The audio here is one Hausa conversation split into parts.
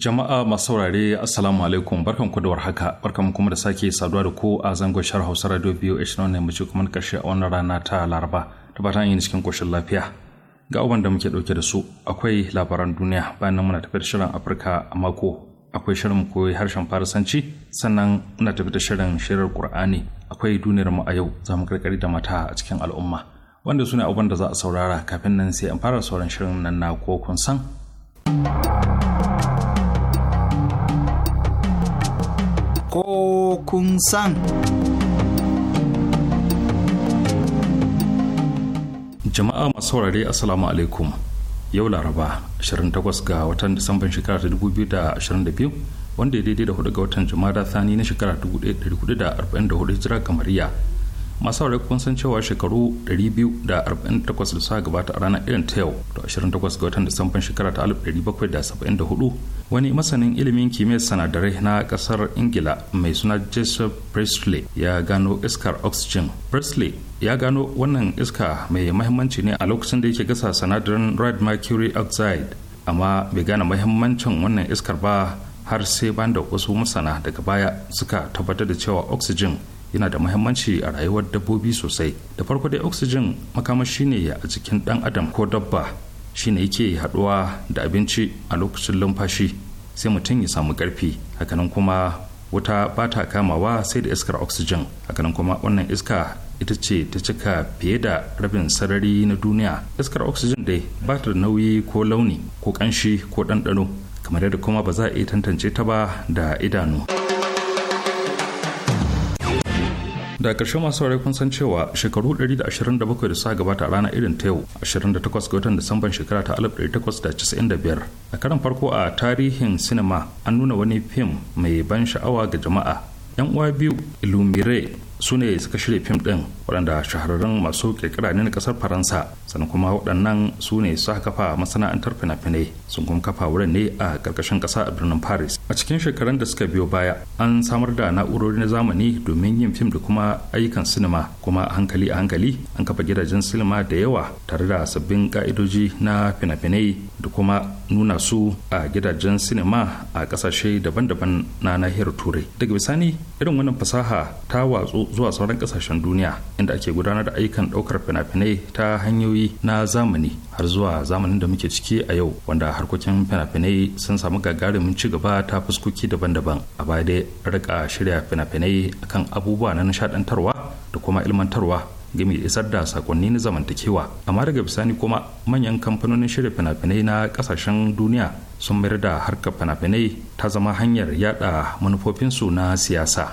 Jama'a masu saurare Assalamu alaikum barkan ku da warhaka barkan kuma da sake saduwa da ku a zangon shar Hausa Radio a shirin wannan mace kuma karshe a wannan rana ta Laraba da fatan yin cikin koshin lafiya. Ga abubuwan da muke dauke da su akwai labaran duniya bayan nan muna tafi da shirin Afirka a mako akwai shirin koyi harshen Farisanci sannan muna tafi da shirin shirar Qur'ani akwai duniyar mu a yau za mu karkari da mata a cikin al'umma wanda su ne abubuwan da za a saurara kafin nan sai an fara sauran shirin nan na ko kun san. ko kun san. Jama'a masu saurare Assalamu alaikum yau Laraba 28 ga watan Disamban shekara ta 2022 wanda ya daidai da hudu ga watan Jumada Thani na shekara 1444 hijira kamariya. Masu saurare kun san cewa shekaru 248 da suka gabata a ranar irin ta yau 28 ga watan Disamban shekara ta 1774 wani masanin ilimin kimiyyar sanadarai na kasar ingila mai suna joseph presley ya gano iskar oxygen presley ya gano wannan iska mai mahimmanci ne a lokacin da yake gasa sanadarin red mercury oxide amma bai gane mahimmancin wannan iskar ba har sai ban da wasu masana daga baya suka tabbatar da cewa oxygen yana da mahimmanci a rayuwar dabbobi sosai da farko dai oxygen makamashi ne a jikin dan adam ko dabba shine yake haɗuwa da abinci a lokacin lumfashi sai mutum ya samu ƙarfi hakanan kuma wuta ba ta kamawa sai da iskar oxygen hakanan kuma wannan iska ita ce ta cika fiye da rabin sarari na duniya iskar oxygen dai ba ta da nauyi ko launi ko ƙanshi ko ɗanɗano kamar yadda kuma ba za a iya tantance ta ba da idanu. da ƙarshe masu saurari kun san cewa shekaru 127 da suka gabata a ranar irin ta yau 28 ga watan disamban shekara ta 1895 a karan farko a tarihin sinima an nuna wani fim mai ban sha'awa ga jama'a yan uwa biyu ilumire su ne suka shirya fim ɗin waɗanda shahararrun masu kirkira ne na ƙasar faransa sannan kuma waɗannan su ne su kafa masana'antar fina-finai sun kuma kafa wurin ne a ƙarƙashin ƙasa a birnin paris a cikin shekarun da suka biyo baya an samar da na'urori na zamani domin yin fim da kuma ayyukan sinima kuma a hankali a hankali an kafa gidajen sinima da yawa tare da sabbin ƙa'idoji na fina-finai da kuma nuna su a gidajen sinima a ƙasashe daban-daban na nahiyar turai daga bisani irin wannan fasaha ta watsu zuwa sauran ƙasashen duniya inda ake gudanar da ayyukan ɗaukar fina-finai ta hanyoyi na zamani har zuwa zamanin da muke ciki a yau wanda harkokin fina-finai sun samu gagarumin ci gaba ta fuskoki daban-daban a baya dai rika shirya fina-finai akan abubuwa na nishaɗantarwa da kuma ilmantarwa game da isar da sakonni na zamantakewa amma daga bisani kuma manyan kamfanonin shirya fina-finai na kasashen duniya sun mayar da harkar fina-finai ta zama hanyar yada manufofinsu na siyasa.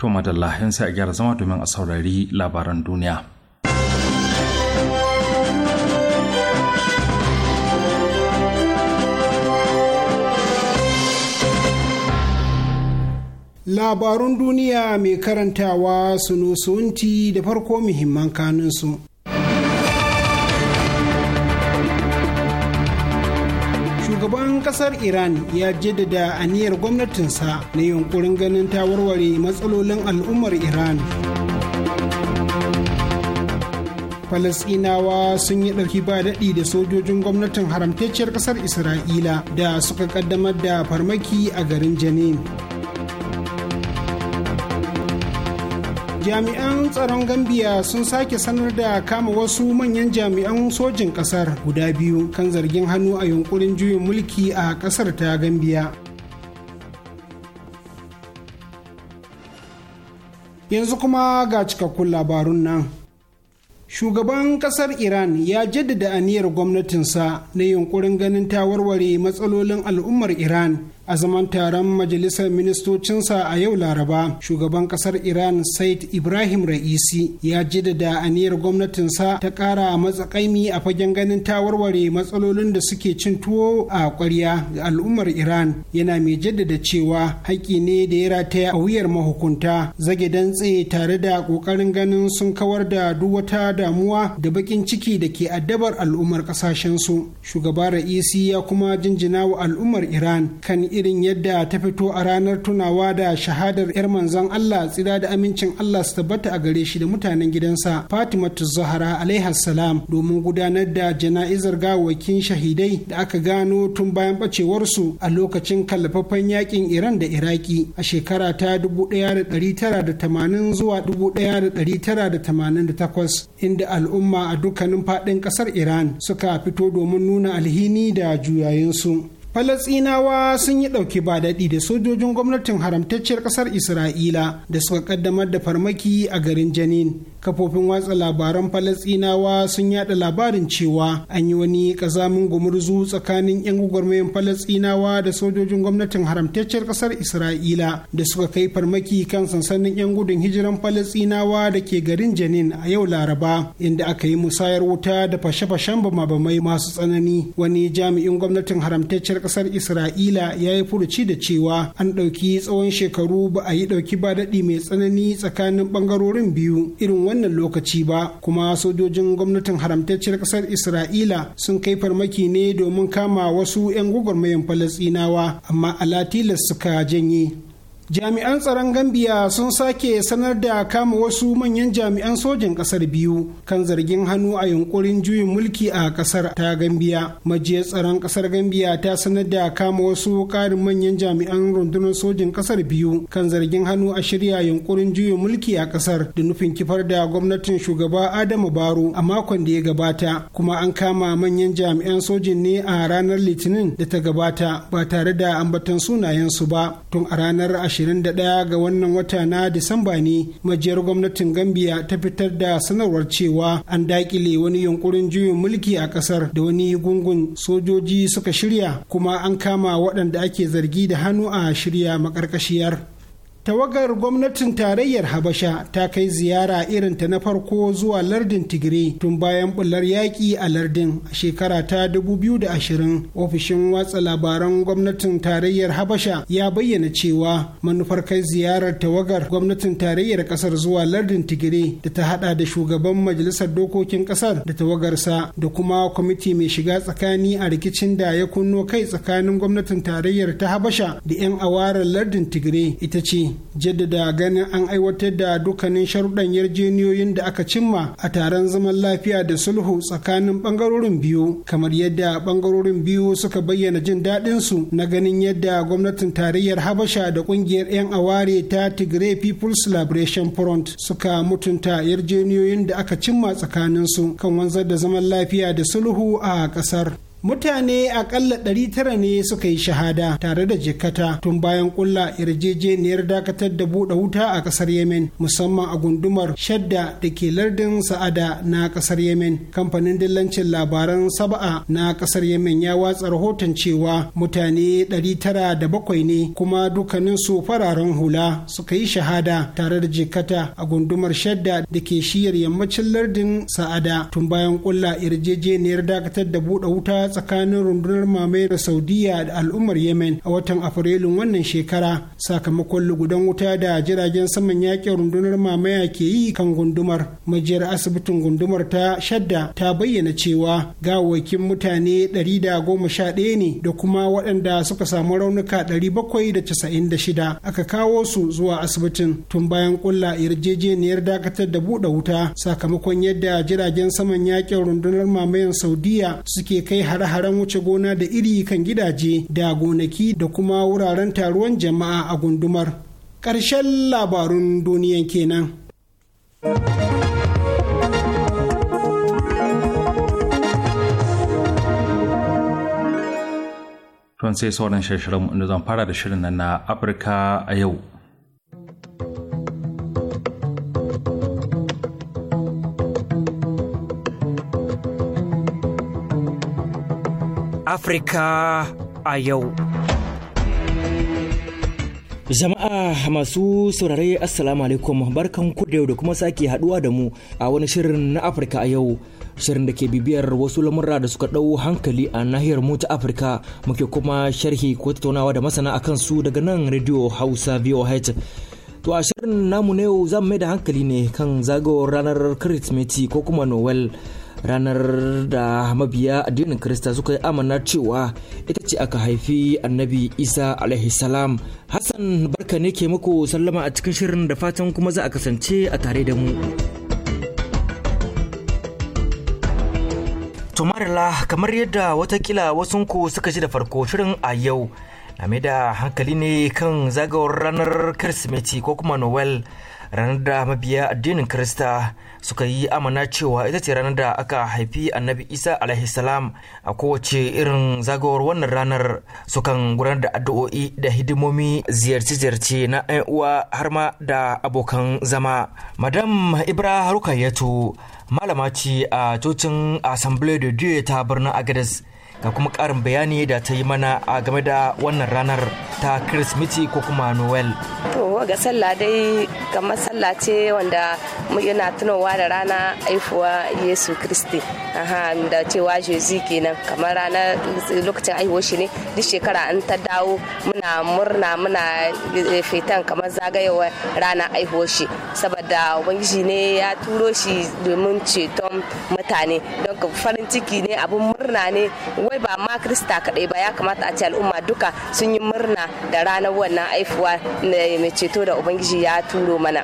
To madalla yan sai a gyara zama domin a saurari labaran duniya. Labarun duniya mai karantawa sunusunti da farko muhimman kanunsu. shugaban kasar iran ya jaddada aniyar gwamnatinsa na yunkurin ganin ta warware matsalolin al'ummar iran falasinawa sun yi ɗauki ba daɗi da sojojin gwamnatin haramtacciyar ƙasar isra'ila da suka ƙaddamar da farmaki a garin janin jami'an tsaron gambia sun sake sanar da kama wasu manyan jami'an sojin kasar guda biyu kan zargin hannu a yunkurin juyin mulki a kasar ta gambia yanzu kuma ga cikakkun labarun nan shugaban kasar iran ya jaddada aniyar gwamnatinsa na yunkurin ganin ta warware matsalolin al'ummar iran a zaman taron majalisar ministocinsa a yau laraba shugaban kasar iran said ibrahim ra'isi ya jaddada aniyar gwamnatinsa ta kara matsakaimi a fagen ganin ta warware matsalolin da suke cin tuwo a kwarya ga al'ummar iran yana mai jaddada cewa haƙƙi ne da ya rataya a wuyar mahukunta zage dantse tare da ƙoƙarin ganin sun kawar da duk wata damuwa da baƙin ciki da ke addabar al'ummar ƙasashensu shugaba ra'isi ya kuma jinjina wa al'ummar iran kan irin yadda ta fito a ranar tunawa da shahadar 'yar manzon Allah tsira da amincin Allah su tabbata a gare shi da mutanen gidansa fatima Zahra alaiha salam domin gudanar da jana'izar gawakin shahidai da aka gano tun bayan bacewarsu a lokacin kallafafan yakin Iran da Iraki a shekara ta 1980 zuwa 1988 inda al'umma a dukkanin faɗin ƙasar Iran suka fito domin nuna alhini da su Falasinawa sun yi ɗauki ba daɗi da sojojin gwamnatin haramtacciyar ƙasar Isra'ila da suka ƙaddamar da farmaki a garin Janin kafofin watsa labaran falasinawa sun yada labarin cewa an yi wani kazamin gumurzu tsakanin 'yan gwagwarmayin falasinawa da sojojin gwamnatin haramtacciyar kasar isra'ila da suka kai farmaki kan sansanin 'yan gudun hijiran falasinawa da ke garin janin a yau laraba inda aka yi musayar wuta da fashe-fashen bamabamai masu tsanani wani jami'in gwamnatin haramtacciyar kasar isra'ila ya yi furuci da cewa an ɗauki tsawon shekaru ba a yi ɗauki ba daɗi mai tsanani tsakanin ɓangarorin biyu irin wannan lokaci ba kuma sojojin gwamnatin haramtacciyar kasar isra'ila sun kai farmaki ne domin kama wasu 'yan gwagwarmayan falasinawa amma ala tilas suka janye jami'an tsaron gambia sun sake sanar da kama wasu manyan jami'an sojin kasar biyu kan zargin hannu a yunkurin juyin mulki a kasar ta gambia majiyar tsaron kasar gambia ta sanar da kama wasu karin manyan jami'an rundunar sojin kasar biyu kan zargin hannu a shirya yunkurin juyin mulki a kasar da nufin kifar da gwamnatin shugaba adamu baro a makon da ya gabata kuma an kama manyan jami'an sojin ne a ranar litinin da ta gabata ba tare da ambaton sunayensu ba tun a ranar 21 ga wannan wata na Disamba ne majiyar gwamnatin Gambia ta fitar da sanarwar cewa an dakile wani yunkurin juyin mulki a kasar da wani gungun sojoji suka shirya kuma an kama waɗanda ake zargi da hannu a shirya makarkashiyar. tawagar gwamnatin tarayyar habasha ta kai ziyara irin ta na farko zuwa lardin tigre tun bayan bular yaƙi a lardin a shekara ta 2020 ofishin watsa labaran gwamnatin tarayyar habasha ya bayyana cewa manufar kai ziyarar tawagar gwamnatin tarayyar ƙasar zuwa lardin tigre da ta hada da shugaban majalisar dokokin ƙasar da tawagarsa da kuma kwamiti mai shiga tsakani a rikicin da ya kunno kai tsakanin gwamnatin tarayyar ta habasha da 'yan awarar lardin tigre ita ce jaddada ganin an aiwatar da dukkanin sharuɗan yarjeniyoyin da aka cimma a taron zaman lafiya da sulhu tsakanin ɓangarorin biyu kamar yadda ɓangarorin biyu suka bayyana jin daɗin su na ganin yadda gwamnatin tarayyar habasha da ƙungiyar 'yan aware ta tigray people's liberation front suka mutunta yarjeniyoyin da aka cimma tsakanin su kan wanzar da zaman lafiya da sulhu a ƙasar. mutane akalla 900 ne suka yi shahada tare da jikata tun bayan kulla yarjejeniyar dakatar da buɗe wuta a ƙasar yemen musamman a gundumar shadda da ke lardin sa'ada na ƙasar yemen kamfanin dillancin labaran saba'a na ƙasar yemen ya watsa rahoton cewa mutane ɗari tara da bakwai ne kuma dukkanin su fararen hula suka yi shahada tare da jikata a gundumar shadda da ke shiyar yammacin lardin sa'ada tun bayan kulla yarjejeniyar dakatar da buɗe wuta tsakanin rundunar mamaye da saudiya da al'ummar yemen a watan afrilun wannan shekara sakamakon lugudan wuta da jiragen saman yaƙin rundunar mamaya ke yi kan gundumar majiyar asibitin gundumar ta shadda ta bayyana cewa gawakin mutane ɗari da goma sha ɗaya ne da kuma waɗanda suka samu raunuka ɗari bakwai da da casa'in shida aka kawo su zuwa asibitin tun bayan kulla yarjejeniyar dakatar da buɗe wuta sakamakon yadda jiragen saman yaƙin rundunar mamayan saudiya suke kai har hare-haren wuce gona da iri kan gidaje da gonaki da kuma wuraren taruwan jama'a a gundumar ƙarshen labarun duniyan kenan. Tun sai sauran shirin da zan fara da shirin na Afirka a yau. Afirka a yau. Jama'a masu saurare Assalamu alaikum barkan ku da yau da kuma sake haduwa da mu a wani shirin na Afirka a yau. Shirin da ke bibiyar wasu lamurra da suka ɗau hankali a nahiyar mu ta Afirka muke kuma sharhi ko tattaunawa da masana akan su daga nan Radio Hausa VOH. To a shirin namu na yau zamu mai da hankali ne kan zagawar ranar Kirsimeti ko kuma Noel. ranar da mabiya addinin Kirista suka yi amana cewa ita ce aka haifi annabi Isa alaihi salam. Hassan barka ne ke muku sallama a cikin shirin da fatan kuma za a kasance a tare da mu. Tumarila kamar yadda watakila wasunku suka ji da farko shirin a yau na da hankali ne kan zagawar ranar Kirsimeti ko kuma Noel. ranar da mabiya addinin Kirista suka yi amana cewa ita ce ranar da aka haifi annabi Isa alaihi salam a kowace irin zagawar wannan ranar sukan gudanar da addu'o'i da hidimomi ziyarce-ziyarce na 'yan uwa har ma da abokan zama. Madam Ibra Rukayetu malama ce a cocin Assemblée de Dieu ta birnin Agadez ga kuma karin bayani da ta yi mana a game da wannan ranar ta Kirsimeti ko kuma Noel. To ga sallah dai kamar sallah ce wanda yana tunowa da rana haihuwa Yesu Kristi. Aha da cewa Jesu kenan kamar ranar lokacin haihuwar shi ne duk shekara an ta dawo muna murna muna eh, fetan kamar zagayewa ranar haihuwar shi saboda ubangiji ne ya turo shi domin ceton mutane don farin ciki ne abin murna ne wai ba ma krista kaɗai ba ya kamata a ce al'umma duka sun yi murna da ranar wannan aifuwa eh, mai ceto da ubangiji ya turo mana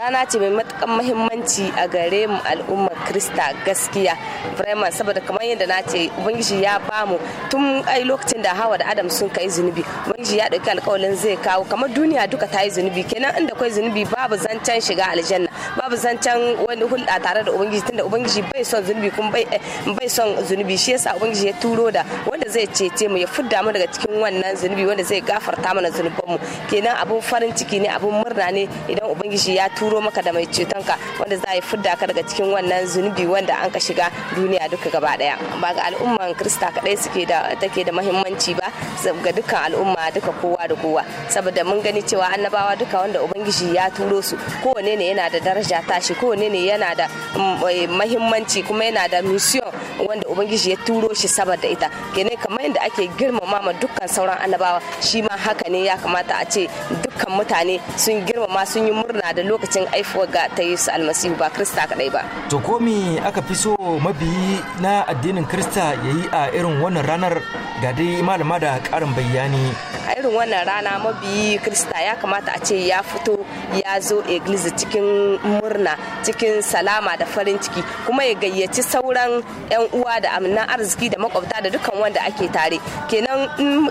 rana ce mai matukan muhimmanci a gare mu al'ummar krista gaskiya vraiment saboda kamar yadda na ce ubangiji ya bamu tun ai lokacin da hawa da adam sun kai zunubi ubangiji ya dauki alkawalin zai kawo kamar duniya duka ta yi zunubi kenan inda kai zunubi babu zancen shiga aljanna babu zancen wani hulɗa tare da ubangiji tunda ubangiji bai son zunubi kuma bai son zunubi shi yasa ubangiji ya turo da wanda zai cece mu ya fudda mu daga cikin wannan zunubi wanda zai gafarta mana zunubanmu kenan abun farin ciki ne abun murna ne idan ubangiji ya turo turo maka da mai cetonka wanda za a yi fidda ka daga cikin wannan zunubi wanda an ka shiga duniya duka gaba daya ba ga al'umman krista kadai suke da take da mahimmanci ba ga dukkan al'umma duka kowa da kowa saboda mun gani cewa annabawa duka wanda ubangiji ya turo su kowane ne yana da daraja tashi kowane ne yana da mm, eh, mahimmanci kuma yana da mission wanda ubangiji ya turo shi saboda ita kenan kamar yadda ake girmama ma dukkan sauran annabawa shi ma haka ne ya kamata a ce dukkan mutane sun girmama sun yi murna da lokaci. lokacin aifuwar ga ta yesu almasihu ba krista kadai ba to komi aka fi so mabiyi na addinin krista ya yi a irin wannan ranar ga dai malama da karin bayani a irin wannan rana mabiyi krista ya kamata a ce ya fito ya zo eglise cikin murna cikin salama da farin ciki kuma ya gayyaci sauran 'yan uwa da amina arziki da makwabta da dukkan wanda ake tare kenan in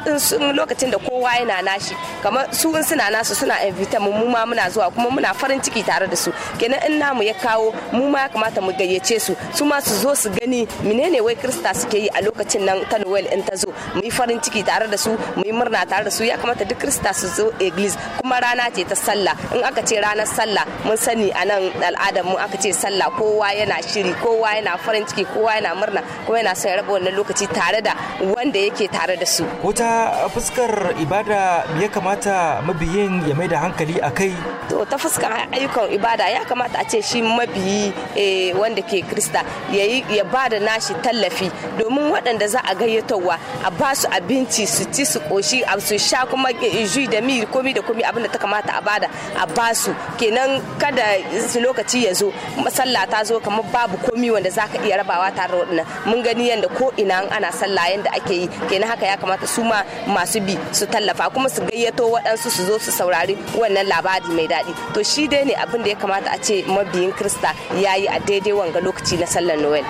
lokacin da kowa yana nashi kamar su in suna nasu suna invita mu ma muna zuwa kuma muna farin ciki ciki tare da su kenan in namu ya kawo mu ma ya kamata mu gayyace su su ma su zo su gani menene wai krista suke yi a lokacin nan ta noel in ta zo mu yi farin ciki tare da su mu yi murna tare da su ya kamata duk krista su zo eglis kuma rana ce ta sallah in aka ce ranar sallah mun sani a nan al'adar mu aka ce sallah kowa yana shiri kowa yana farin ciki kowa yana murna kuma yana son raba wannan lokaci tare da wanda yake tare da su wata fuskar ibada ya kamata mabiyin ya mai da hankali a kai to ta fuskar ayyukan ibada ya kamata a ce shi mabiyi eh, wanda ke krista ya ba da nashi tallafi domin waɗanda za a gayyatowa a ba su abinci su ci su koshi su sha kuma eh, ju da mi komi da komi abinda ta kamata a ba da a ba su kenan kada su lokaci ya zo sallah ta zo kamar babu komi wanda za ka iya rabawa tare da waɗannan mun gani yadda ko ina ana sallah yadda ake yi kenan haka ya kamata su ma masu bi su tallafa kuma su gayyato waɗansu su zo su saurari wannan labari mai daɗi to shi dai ne abin da ya kamata a ce mabiyin krista ya yi a daidai wanga lokaci na sallar noel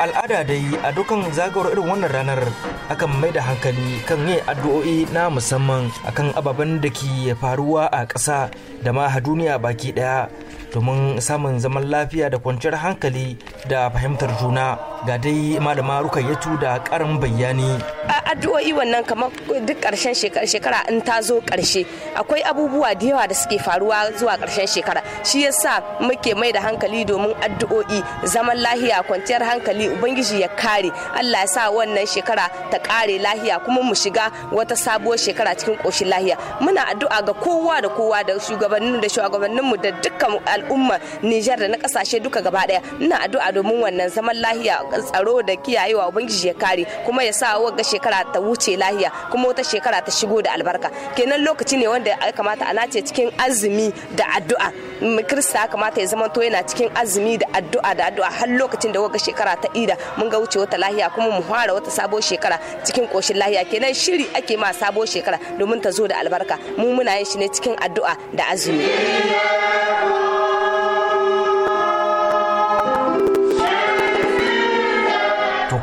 al'ada dai a dukkan zagawar irin wannan ranar akan mai da hankali kan yin addu'o'i na musamman akan ababen da ke faruwa a ƙasa da ma duniya baki ɗaya domin samun zaman lafiya da kwanciyar hankali da fahimtar juna ga dai malama rukayyatu da karin bayani a addu'o'i wannan kamar duk karshen shekara in ta zo karshe akwai abubuwa da yawa da suke faruwa zuwa karshen shekara shi yasa muke mai da hankali domin addu'o'i zaman lahiya kwanciyar hankali ubangiji ya kare Allah ya sa wannan shekara ta kare lahiya kuma mu shiga wata sabuwar shekara cikin koshin lahiya muna addu'a ga kowa da kowa da shugabannin da shugabanninmu da dukkan al'umma Nijar da na kasashe duka gaba daya ina addu'a domin wannan zaman lahiya tsaro da kiyayewa ubangiji ya kare kuma ya sa wagga shekara ta wuce lahiya kuma wata shekara ta shigo da albarka kenan lokaci ne wanda ya kamata a nace cikin azumi da addu'a mm, kirista kamata ya zama to yana cikin azumi da addu'a da addu'a har lokacin da wagga shekara ta ida mun ga wuce wata lahiya kuma mu fara wata sabo shekara cikin koshin lahiya kenan shiri ake ma sabo shekara domin ta zo da albarka mu muna yin shi ne cikin addu'a da azumi.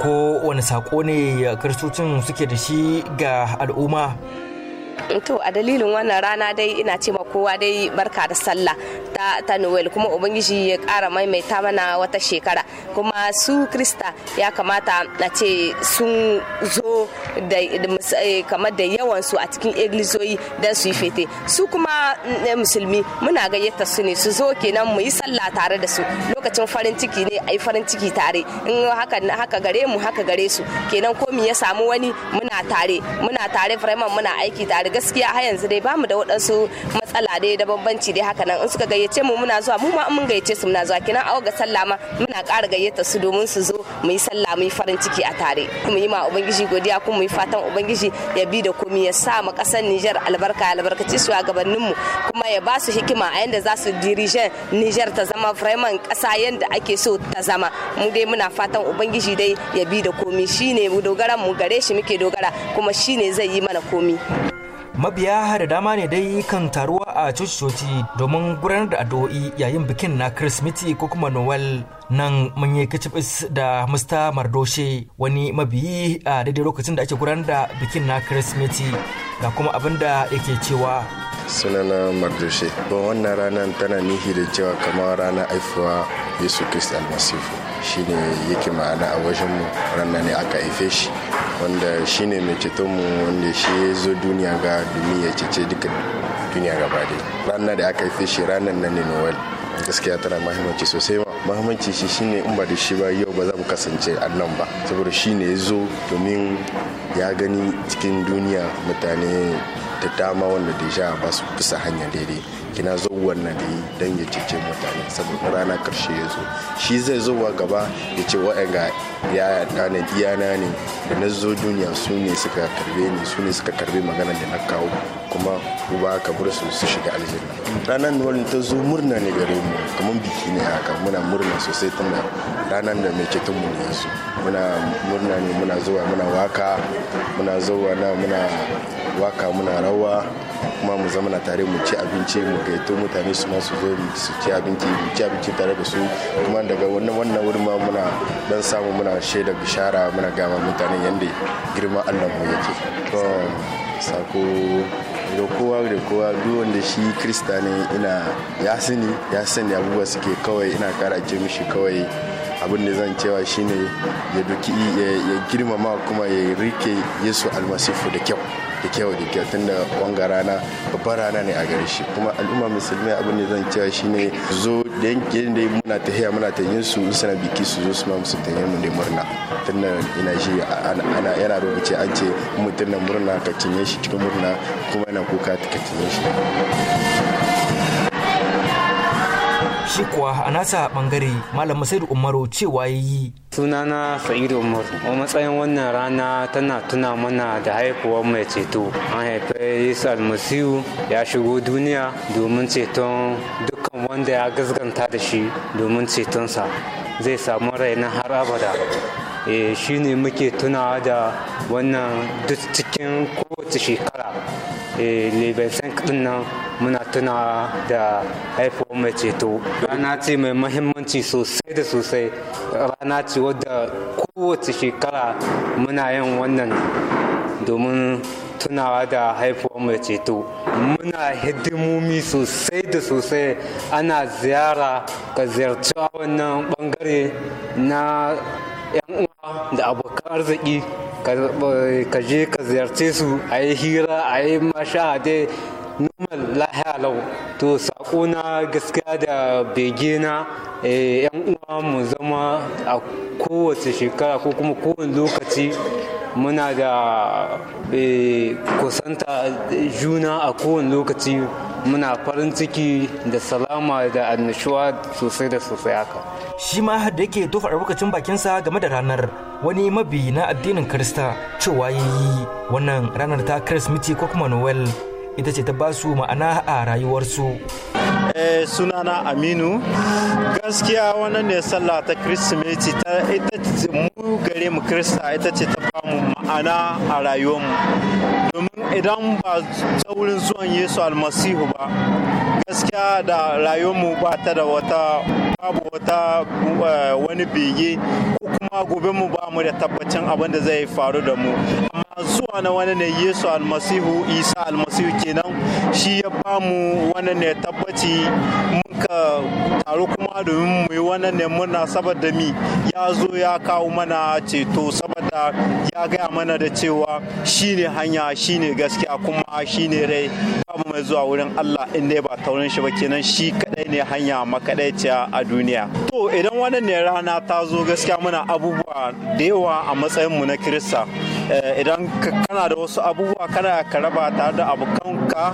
ko wani saƙo ne kiristocin suke da shi ga al'umma to a dalilin wannan rana dai ina ce ma kowa dai barka da sallah ta ta noel kuma ubangiji ya kara maimaita mana wata shekara kuma su krista ya kamata na ce sun zo da eh, kamar da yawan su a cikin iglizoyi don su yi fete su kuma eh, musulmi muna gayyata su ne su zo kenan mu yi sallah tare da su lokacin farin ciki ne a yi farin ciki tare in haka haka gare mu haka gare su kenan ko ya samu wani muna tare muna tare firaiman muna aiki tare gaskiya har yanzu dai bamu da waɗansu matsala dai da bambanci dai haka nan in suka gayyace mu muna zuwa mu ma mun gayyace su muna zuwa kina awa ga sallah muna ƙara gayyata su domin su zo mu yi sallah mu yi farin ciki a tare kuma yi ma ubangiji godiya kuma mu yi fatan ubangiji ya bi da komi ya sa mu ƙasar Nijar albarka albarkaci gabanin mu kuma ya ba su hikima a yanda za su dirije Nijar ta zama freeman ƙasa yanda ake so ta zama mu dai muna fatan ubangiji dai ya bi da komi shine mu dogara mu gare shi muke dogara kuma shine zai yi mana komi. mabiya da dama ne dai kan taruwa a coci-coci domin gudanar da addu'o'i yayin bikin na kirsimeti ko kuma noel nan mun yi kicibis da mista mardoshe wani mabiyi a daidai lokacin da ake gudanar da bikin na kirsimeti ga kuma abin da yake cewa sunana mardoshe ba wannan ranar tana nihi da cewa kamar ranar haifuwa yesu kristi almasifu shine yake ma'ana a wajenmu ranar ne aka haife shi wanda ne mai cetonmu wanda shi ya zo duniya ga domin ya cece duka duniya ga dai ranar da aka fi shi ranar nan ne noel gaskiya tana mahimmanci sosai ma mahimmanci shi shine in ba da shi ba yau ba za mu kasance a nan ba saboda shi ne ya zo domin ya gani cikin duniya mutane da dama wanda da ya ba su bisa hanya daidai kina zo wannan da yi don ya cece mutane saboda rana karshe ya zo shi zai zo wa gaba ya ce wa'anga yaya ɗana iyana ne da na zo duniya su ne suka karbe ni su ne suka karbe magana da na kawo kuma uba ka bar su su shiga aljanna ranar wani ta zo murna ne gare mu kamar biki ne haka muna murna sosai tana ranar da mai ceton mu ne yanzu muna murna ne muna zuwa muna waka muna zuwa na muna waka muna rawa kuma mu zama na tare mu ci abinci mu gaito mutane su ma su zo su ci abinci mu ci abinci tare da su kuma daga wannan wannan wurin ma muna dan samu muna shaida bishara muna gama mutane yanda girma Allah mu yake to sako da kowa da kowa duk wanda shi krista ne ina ya sani ya sani abubuwa suke kawai ina kara ce mishi kawai abin da zan cewa shine ya duki ya girmama kuma ya rike yesu almasifu da kyau da kyau da kyau tunda wanga rana babban rana ne a gare shi kuma al'umma musulmi abin da zan cewa ne zo da yankin da muna tahiya muna yi su suna biki su zo su ma musu ta yin da murna tunda ina shi ana yana rubuce an ce mutum na murna ka cinye shi cikin murna kuma yana kuka ka cinye shi shi kuwa a nasa bangare malam masaidu umaru cewa ya yi sunana sa'idu umaru a matsayin wannan rana tana tuna mana da haifuwar mai ceto an haife yesu almasihu ya shigo duniya domin ceton dukkan wanda ya gaskanta da shi domin cetonsa zai samu raina har abada eh, shi ne muke tunawa da wannan duk cikin kowace shekara lebansan eh, kaɗin nan tuna da haifuwar mai ceto rana ce mai mahimmanci sosai da sosai rana ce wadda kowace shekara muna yin wannan domin tunawa da haifuwar mai ceto muna hidimomi sosai da sosai ana ziyara ka ziyarci wannan bangare na 'yan uwa da abokan arziki ka je ka ziyarce su a yi hira a yi masha dai normal lahiya lau to sakona gaskiya da begina yan eh, uwa mu zama a kowace shekara ko kuma kowane lokaci muna da eh, kusanta juna a kowane lokaci muna farin ciki da salama da annashuwa sosai da sosai haka. Shi ma da yake tofa lokacin bakinsa game da ranar wani mabi na addinin Kirista cewa ya yi wannan ranar ta kirsmiti ko kuma Noel ita ce ta ba su ma'ana a rayuwarsu. Eh, sunana aminu gaskiya wannan ne sallah ta kirsimeti ta ita ce mu gare mu krista ita ce ta ba mu ma'ana a rayuwarmu domin idan ba tsaurin zuwan yesu almasihu ba gaskiya da rayuwarmu ba ta da wata babu wata eh, wani bege ma gobe mu ba mu da tabbacin abin da zai faru da mu amma zuwa na wani ne yesu almasihu isa almasihu kenan shi ya ba mu wani ne tabbaci muka taru kuma domin mu yi wani ne muna saboda mi ya zo ya kawo mana ceto saboda ya gaya mana da cewa shi ne hanya shi ne gaskiya kuma shi ne rai babu mai zuwa wurin allah in dai ba taurin shi ba kenan shi kadai ne hanya makaɗaiciya a duniya to idan wani ne rana ta zo gaskiya muna abubuwa da yawa a matsayinmu na kirista eh, idan kana da wasu abubuwa kana ka raba tare da abokanka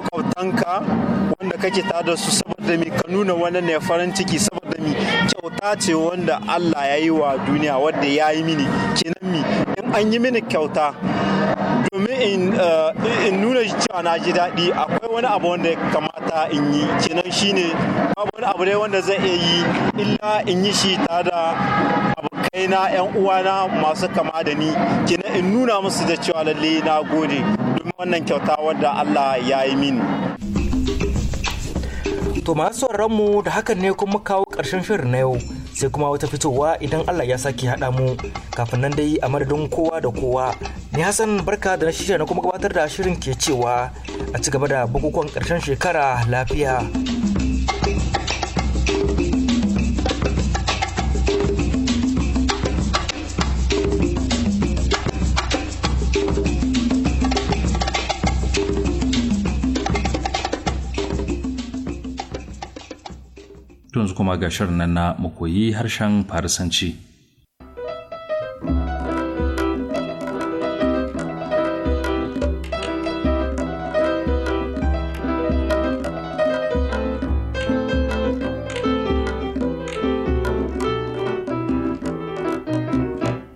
makwabtanka wanda kake tare da su saboda mi ka nuna wani ne farin ciki saboda mi kyauta ce wanda Allah ya yi wa duniya wanda ya yi mini kenan mi in an yi mini kyauta domin eh, in nuna cewa na ji daɗi akwai wani abu wanda ya kamata sa'a in yi kenan shine babu wani abu ne wanda zai iya yi illa in yi shi tare da abokaina yan uwana masu kama da ni kenan in nuna musu da cewa lalle na gode domin wannan kyauta wanda Allah ya yi mini to masu mu da hakan ne kuma kawo ƙarshen shirin na yau sai kuma wata fitowa idan Allah ya sake haɗa mu kafin nan dai a madadin kowa da kowa ni Hassan barka da na shirya na kuma gabatar da shirin ke cewa a ci gaba da bukukuwan ƙarshen shekara lafiya. kuma ga shirin nan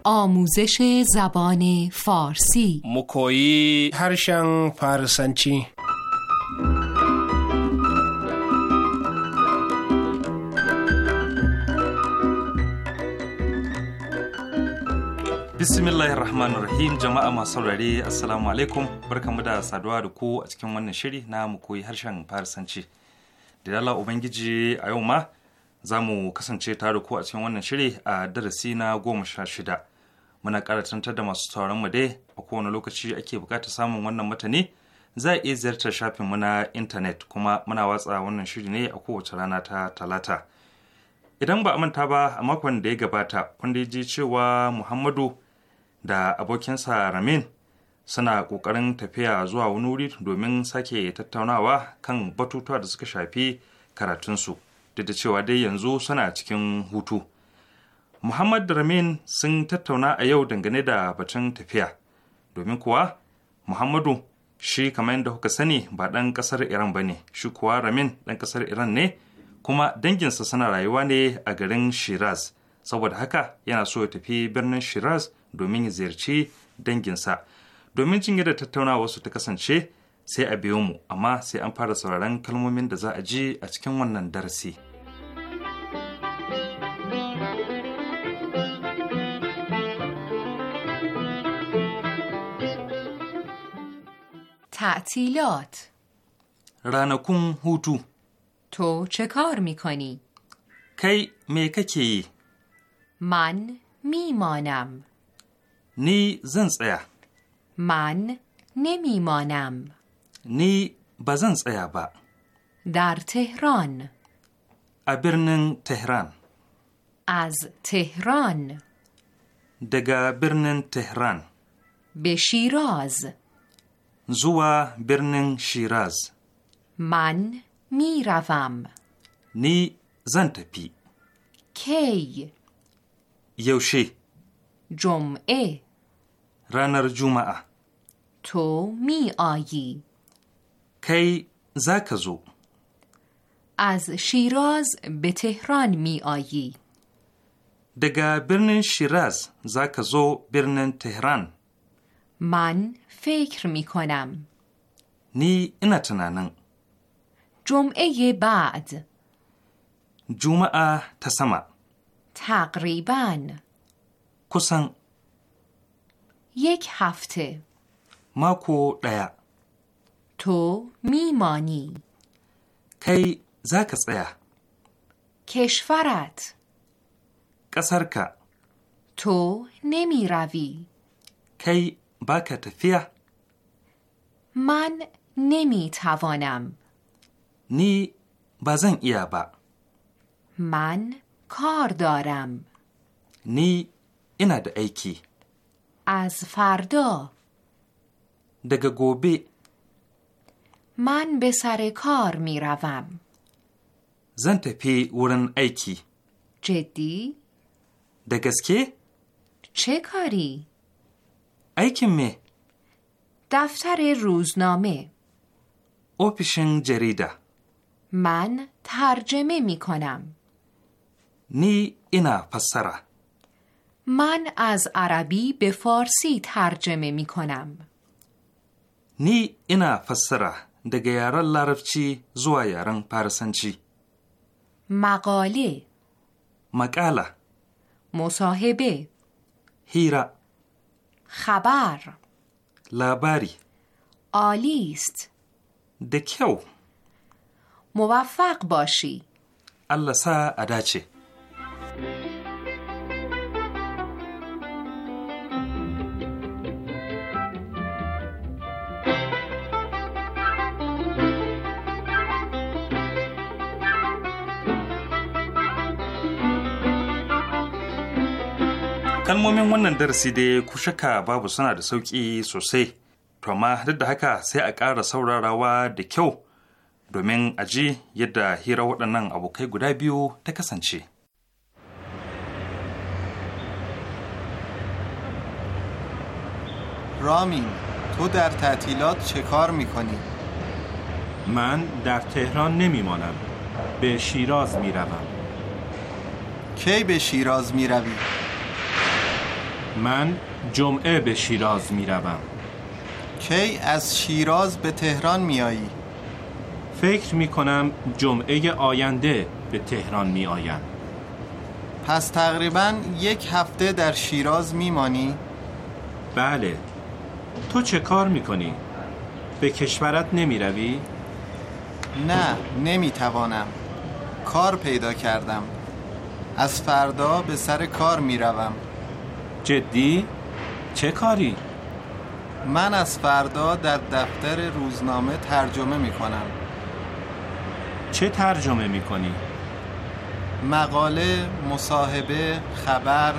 آموزش زبان فارسی مکویی هرشن فارسنچی Bismillahir Rahmanir Rahim jama'a masu saurare Assalamu alaikum barkamu da saduwa da ku a cikin wannan shiri na mu koyi harshen Farisanci. Da dala Ubangiji a yau ma za mu kasance tare da ku a cikin wannan shiri a darasi na goma sha shida. Muna karatantar da masu sauran mu dai a kowane lokaci ake buƙatar samun wannan matani za a iya ziyartar shafin mu na intanet kuma muna watsa wannan shiri ne a kowace rana ta talata. Idan ba a manta ba a makon da ya gabata kun ji cewa Muhammadu da abokinsa ramin suna ƙoƙarin tafiya zuwa wani wuri domin sake tattaunawa kan batutuwa da suka shafi karatunsu duk da cewa dai yanzu suna cikin hutu muhammad da ramin sun tattauna a yau dangane da batun tafiya domin kuwa muhammadu shi kamar yadda kuka sani ba ɗan ƙasar iran ba ne shi kuwa ramin ɗan ƙasar iran ne kuma danginsa suna rayuwa ne a garin shiraz saboda haka yana so ya tafi birnin shiraz domin ya ziyarci danginsa domin jin da tattaunawar su ta kasance sai a biyo mu amma sai an fara sauraron kalmomin da za a ji a cikin wannan darasi. تعطیلات رانکون هوتو تو چه کار میکنی؟ کی میکه کی؟ من میمانم نی زن سیا من نمیمانم نی بزن با در تهران ابرنن تهران از تهران دگا برنن تهران به شیراز زوا برنن شیراز من میروم نی زن تپی کی یوشی جمعه رانر جمعه تو می آیی کی زکزو از شیراز به تهران می آیی دگه برن شیراز زکزو برن تهران من فکر می کنم نی اینتنانن جمعه بعد جمعه تسمه تقریباً کوسن یک هفته ماکو دیا تو میمانی کی زاک تسیا کشورت کسرکا تو نمی روی کی باک تفیه من نمی توانم نی بزن ایا با من کار دارم نی اینا د ایکی از فردا دگه گوبه من به سر کار می روم زن تپی ورن ایکی جدی؟ دگسکی؟ چه کاری؟ ایکی می دفتر روزنامه اوپیشن جریده من ترجمه می نی اینا پسره من از عربی به فارسی ترجمه می کنم. نی اینا فسره دگه یاران لارفچی زوا یاران مقاله مقاله مصاحبه هیرا خبر لاباری آلیست دکیو موفق باشی الله سا اداچه Kalmomin wannan darasi dai ku shaka babu suna da sauƙi sosai, to amma duk da haka sai a ƙara saurarawa da kyau domin a ji yadda hira waɗannan abokai guda biyu ta kasance. رامین تو در تعطیلات چه کار میکنی؟ من در تهران نمیمانم به شیراز میروم کی به شیراز میروی؟ من جمعه به شیراز می روم کی از شیراز به تهران آیی؟ فکر می کنم جمعه آینده به تهران می آیم پس تقریبا یک هفته در شیراز مانی؟ بله تو چه کار می کنی؟ به کشورت نمی روی؟ نه نمی توانم کار پیدا کردم از فردا به سر کار می روم. جدی؟ چه کاری؟ من از فردا در دفتر روزنامه ترجمه می کنم چه ترجمه می کنی؟ مقاله، مصاحبه، خبر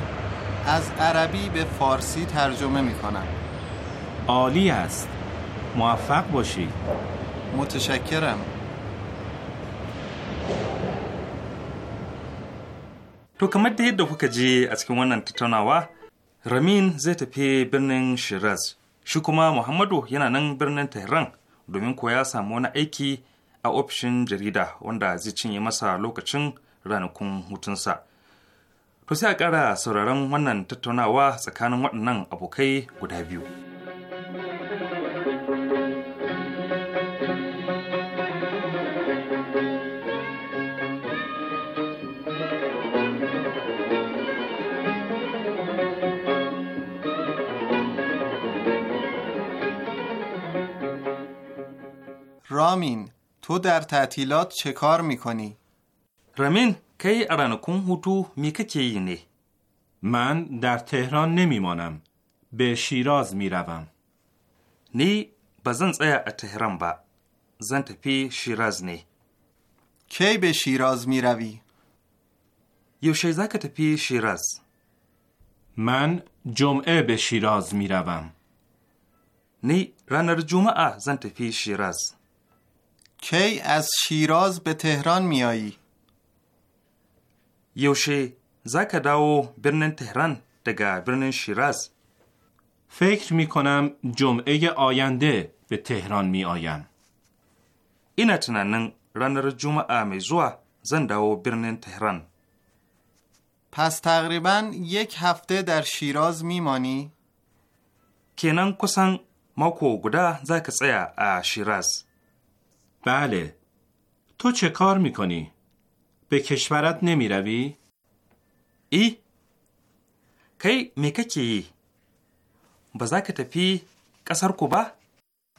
از عربی به فارسی ترجمه می کنم عالی است موفق باشی متشکرم تو کمت دید دفو کجی از که ramin zai tafi birnin shiraz shi kuma muhammadu yana nan birnin tehran domin ko ya samu wani aiki a ofishin jarida wanda zai cinye masa lokacin ranakun hutunsa to sai a ƙara sauraron wannan tattaunawa tsakanin waɗannan abokai guda biyu رامین تو در تعطیلات چه کار میکنی؟ رامین کی ارانکون هوتو میککی نه من در تهران نمیمانم به شیراز میروم نی بزن تسیا تهران با زن تپی شیراز نه کی به شیراز میروی؟ یو پی تپی شیراز من جمعه به شیراز میروم نی رانر جمعه زن تپی شیراز کی از شیراز به تهران میایی؟ یوشی، زکا داو برنن تهران دگا برنن شیراز فکر می کنم جمعه آینده به تهران می آیم. اینا تنانن رنر جمعه می زوا زن داو برنن تهران پس تقریبا یک هفته در شیراز میمانی؟ کنن کسان ماکو گدا زکا سیا شیراز بله تو چه کار میکنی؟ به کشورت نمیروی؟ ای؟ کی میکه چی؟ بزاک پی کسر کوبا؟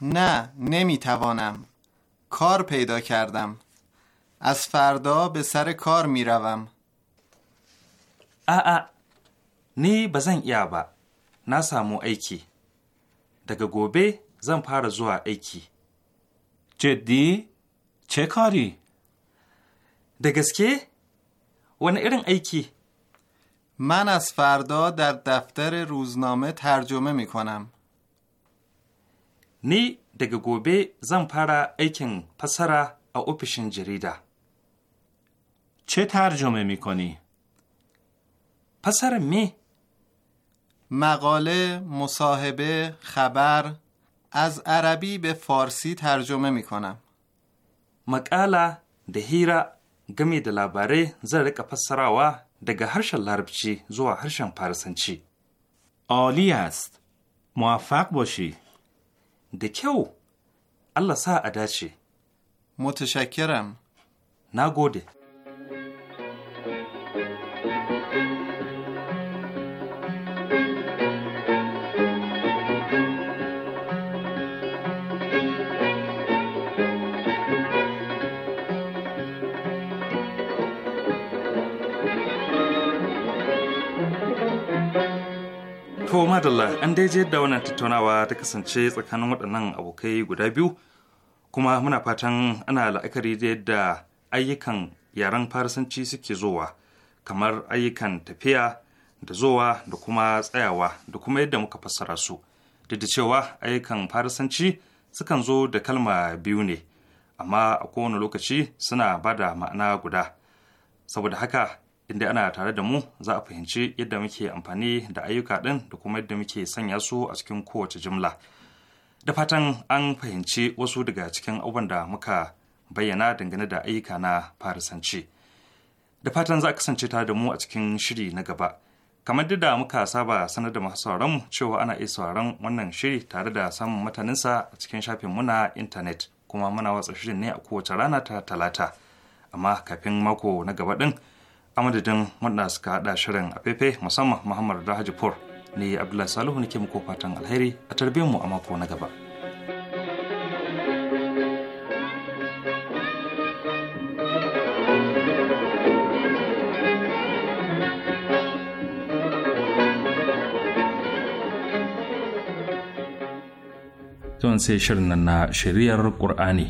نه نمیتوانم کار پیدا کردم از فردا به سر کار میروم آآ نی بزن یا با نسامو سامو ایکی. دگه گوبه زن پر ایکی ایکی. جدی چه کاری؟ دگسکی؟ ون ایرن ایکی من از فردا در دفتر روزنامه ترجمه می کنم نی دگه گوبه زن پارا ایکن پسرا او پیشن جریده چه ترجمه می کنی؟ پسر می مقاله، مصاحبه، خبر، از عربی به فارسی ترجمه می کنم. مقاله ده هیرا گمی ده لاباره زر پسراوا دگه هرشن لربچی زوا هرشن پارسنچی. عالی است. موفق باشی. ده کیو. الله سا اداچی. متشکرم. نگوده. To madalla an dai yadda wannan tattaunawa ta kasance tsakanin waɗannan abokai guda biyu kuma muna fatan ana la'akari da yadda ayyukan yaren farisanci suke zowa kamar ayyukan tafiya da zowa da kuma tsayawa da kuma yadda muka fassara su duk da cewa ayyukan farisanci sukan zo da kalma biyu ne amma a kowane lokaci suna bada ma'ana guda saboda haka inda ana tare da mu za a fahimci yadda muke amfani da ayyuka ɗin da kuma yadda muke sanya su a cikin kowace jimla da fatan an fahimci wasu daga cikin abubuwan da muka bayyana dangane da ayyuka na farisanci da fatan za a kasance tare da mu a cikin shiri na gaba kamar da muka saba sanar da masu mu cewa ana iya sauran wannan shiri tare da samun mataninsa a cikin shafin mu na intanet kuma muna watsa shirin ne a kowace rana ta talata amma kafin mako na gaba ɗin a madadin wanda suka hada shirin a fefe musamman hajji pur ne abdullahi salihu ne ke muku fatan alheri a tarbiyyar mu a mako na gaba. sai shirin na shari'ar Kur'ani.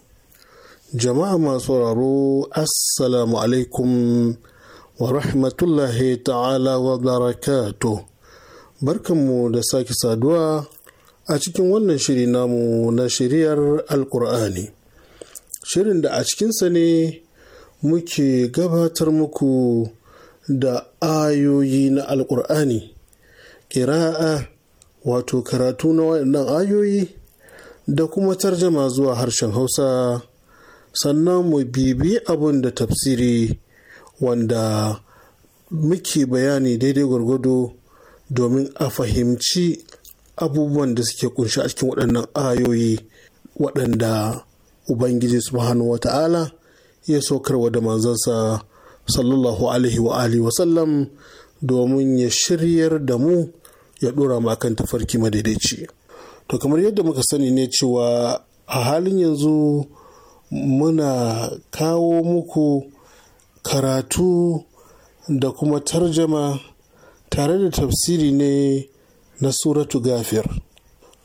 jama'a masu sauraro assalamu alaikum wa rahmatullahi ta'ala wa barakato barkanmu da sake saduwa a cikin wannan shiri namu na shiriyar alkur'ani shirin da a cikinsa ne muke gabatar muku da ayoyi na alkur'ani ƙira'a wato karatu na waɗannan ayoyi da kuma tarjama zuwa harshen hausa sannan mu bibi abin da tafsiri wanda muke bayani daidai gwargwado domin a fahimci abubuwan da suke kunshi a cikin waɗannan ayoyi waɗanda ubangiji subhanahu wa ta'ala ya saukarwa da manzansa sallallahu alaihi wa alihi wasallam domin ya shiryar da mu ya ɗora mu akan tafarki madaidaici to kamar yadda muka sani ne cewa a halin yanzu muna kawo muku karatu da kuma tarjama tare da tafsiri ne na suratu gafir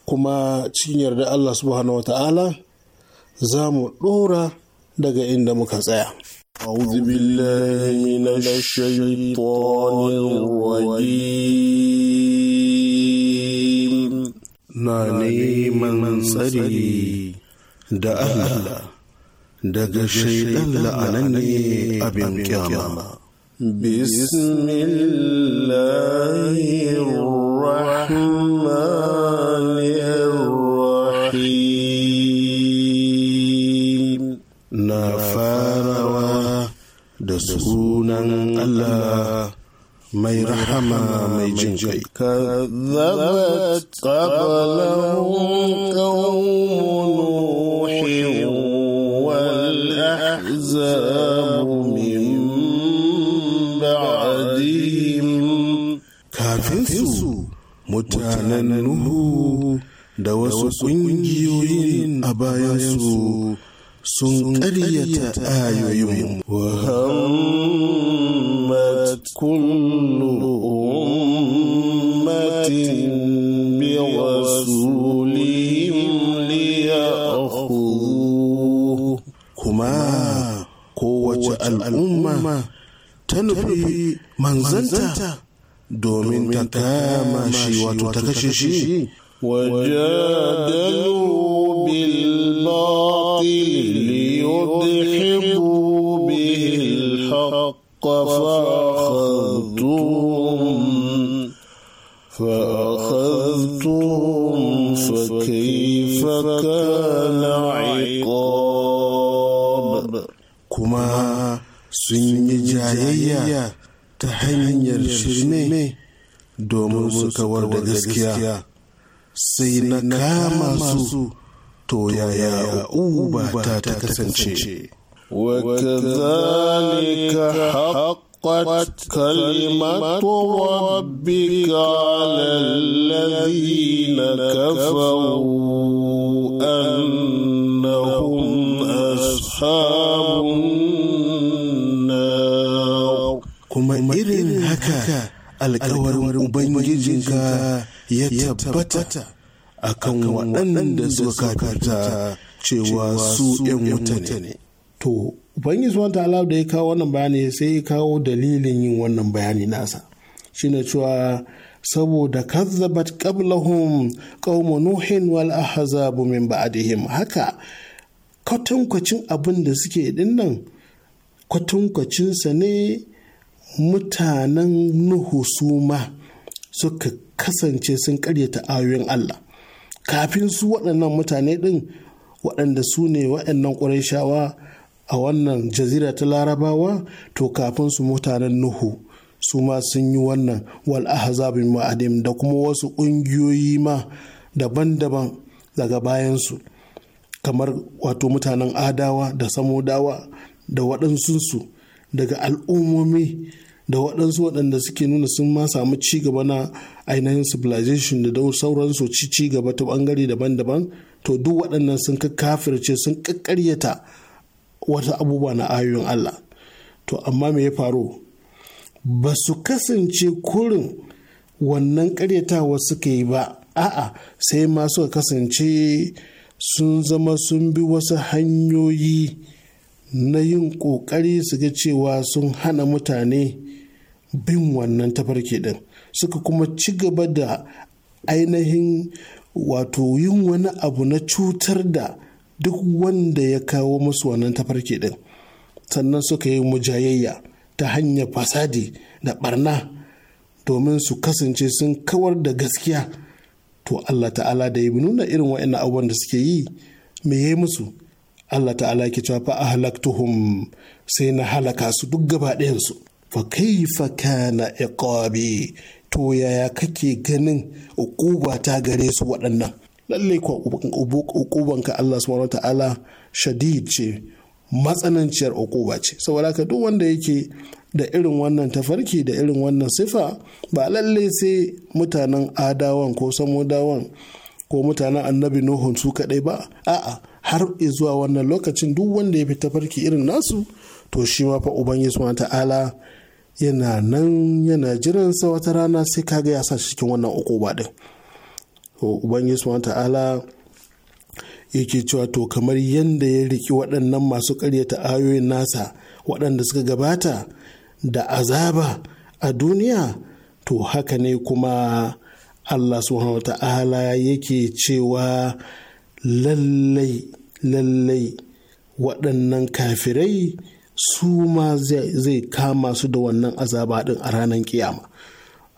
kuma cikin yarda Allah subhanahu wata'ala za mu ɗora daga inda muka tsaya. أعوذ بالله من الشيطان الرجيم na neman tsari da Allah daga shaidan la'anan ne abin kyama. Na farawa da sunan Allah mai rahama mai jin العذاب من بعدهم كافنسو da wasu ƙungiyoyin a bayansu sun ƙaryata ayoyin wa hammat al'umma ta nufi manzanta domin ta kama shi wato ta kashe shi وجادلوا بالباطل ليضحكوا به الحق فأخذتهم فأخذتهم فكيف كان عين kuma sun yi jayayya ta hanyar shirme domin su kawar da gaskiya sai na kama su to yaya uba ta ta kasance وكذلك حقت كلمة ربك على الذين كفروا أنهم أصحاب kuma irin haka alkawarin ubangijinka ya tabbata a waɗanda suka kafirta cewa su 'yan wuta ne to ubangiji wata ala da ya kawo wannan bayani sai ya kawo dalilin yin wannan bayani nasa shine cewa saboda kazzabat qablahum qaumu nuhin wal ahzabu min ba'dihim haka kwatankwacin abin da suke dinnan kwatankwacinsa ne mutanen Nuhu su ma suka kasance sun karyata ayoyin Allah kafin su waɗannan mutane ɗin waɗanda su ne waɗannan ƙurashawa a wannan jazira ta larabawa to kafin su mutanen Nuhu su ma sun yi wannan wal ahzabin ma'adim da kuma wasu ƙungiyoyi ma daban-daban daga bayansu kamar wato mutanen adawa da samodawa da waɗansunsu daga al'ummomi da waɗansu waɗanda suke nuna sun ma samu cigaba na ainihin civilization da sauransu ci ci gaba ta bangare daban-daban to duk waɗannan sun kafirce sun kakkaryata wata abubuwa na ayoyin Allah to amma me ya faru ba su kasance kurin wannan karyatawa suka yi ba a'a sai ma suka kasance sun zama sun bi wasu hanyoyi na yin ƙoƙari su ga cewa sun hana mutane bin wannan tafarki din suka kuma ci gaba da ainihin wato yin wani abu na cutar da duk wanda ya kawo musu wannan tafarki din sannan suka yi mujayayya ta hanyar fasadi da barna domin su kasance sun kawar da gaskiya to Allah ta'ala da ya nuna irin wa'annan abubuwan da suke yi me ya musu Allah ta'ala ke cewa fa ahlaktuhum sai na halaka su duk gaba ɗayansu fa kaifa kana iqabi to yaya kake ganin uquba ta gare su waɗannan lallai ko ka Allah subhanahu wataala shadid ce matsananciyar uquba ce saboda haka duk wanda yake da irin wannan tafarki da irin wannan sifa ba lallai sai mutanen adawan ko samudawan ko mutanen annabi nuhun su kadai ba a'a har zuwa wannan lokacin duk wanda ya fi tafarki irin nasu to shi ma fa ubangiji subhanahu wataala yana nan yana jiransa wata rana sai kaga ya sa shi cikin wannan uku ba din ubangiji subhanahu ta'ala yake cewa to kamar yadda ya riki waɗannan masu ƙaryata ayoyin nasa waɗanda suka gabata da azaba a duniya to haka ne kuma allah subhanahu ta'ala yake cewa lallai lallai waɗannan kafirai su ma zai kama su da wannan azaba din a ranar kiyama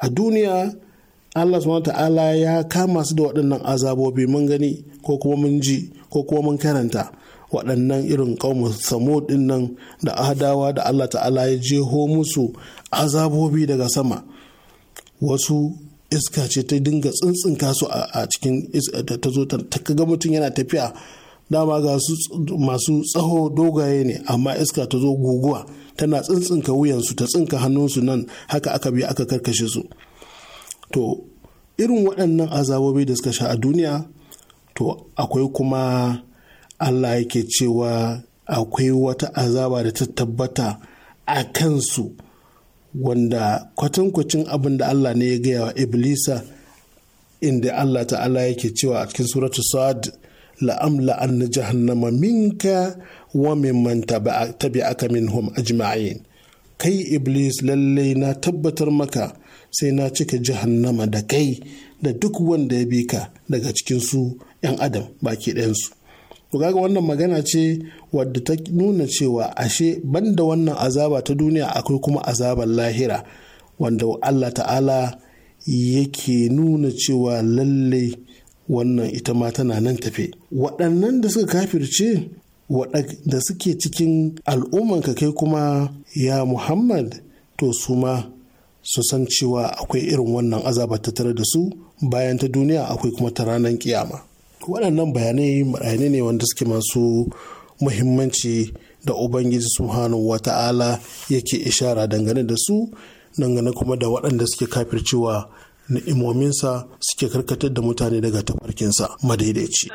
a duniya Allah subhanahu ta'ala ya kama su da waɗannan azabobi mun gani ko kuma mun ji ko kuma mun karanta waɗannan irin ƙaumu samu din nan da adawa da Allah ta'ala ya jeho musu azabobi daga sama wasu iska ce ta dinga tsuntsunka su a cikin ta zo ta ga mutum yana tafiya dama ga masu tsaho dogaye ne amma iska ta zo guguwa tana tsintsinka wuyansu ta tsinka hannunsu nan haka aka bi aka karkashe su to irin waɗannan azabobi da suka sha a duniya to akwai kuma allah yake cewa akwai wata azaba da ta tabbata a kansu wanda kwatankwacin abin da allah ne ya gaya wa iblisa inda allah ta'ala yake cewa a cikin suratu sa'ad la'amla an jahannama minka wa mimman tabi'aka minhum ajma'in kai iblis lallai na tabbatar maka sai na cika jahannama da kai da duk wanda ya bi ka daga cikin su 'yan adam baki ɗayansu to kaga wannan magana ce wadda ta nuna cewa ashe banda wannan azaba ta duniya akwai kuma azabar lahira wanda Allah ta'ala yake nuna cewa lallai wannan ita ma tana nan tafe waɗannan da suka kafirce waɗanda suke cikin al'ummanka kai kuma ya muhammad to su ma su san cewa akwai irin wannan azaba ta tare da su bayan ta duniya akwai kuma ta ranar kiyama waɗannan bayanai bayanai ne wanda suke masu muhimmanci da ubangiji subhanahu wata'ala yake ishara dangane da su dangane kuma da waɗanda suke kafircewa ni'imominsa suke karkatar da mutane daga tafarkinsa madaidaici.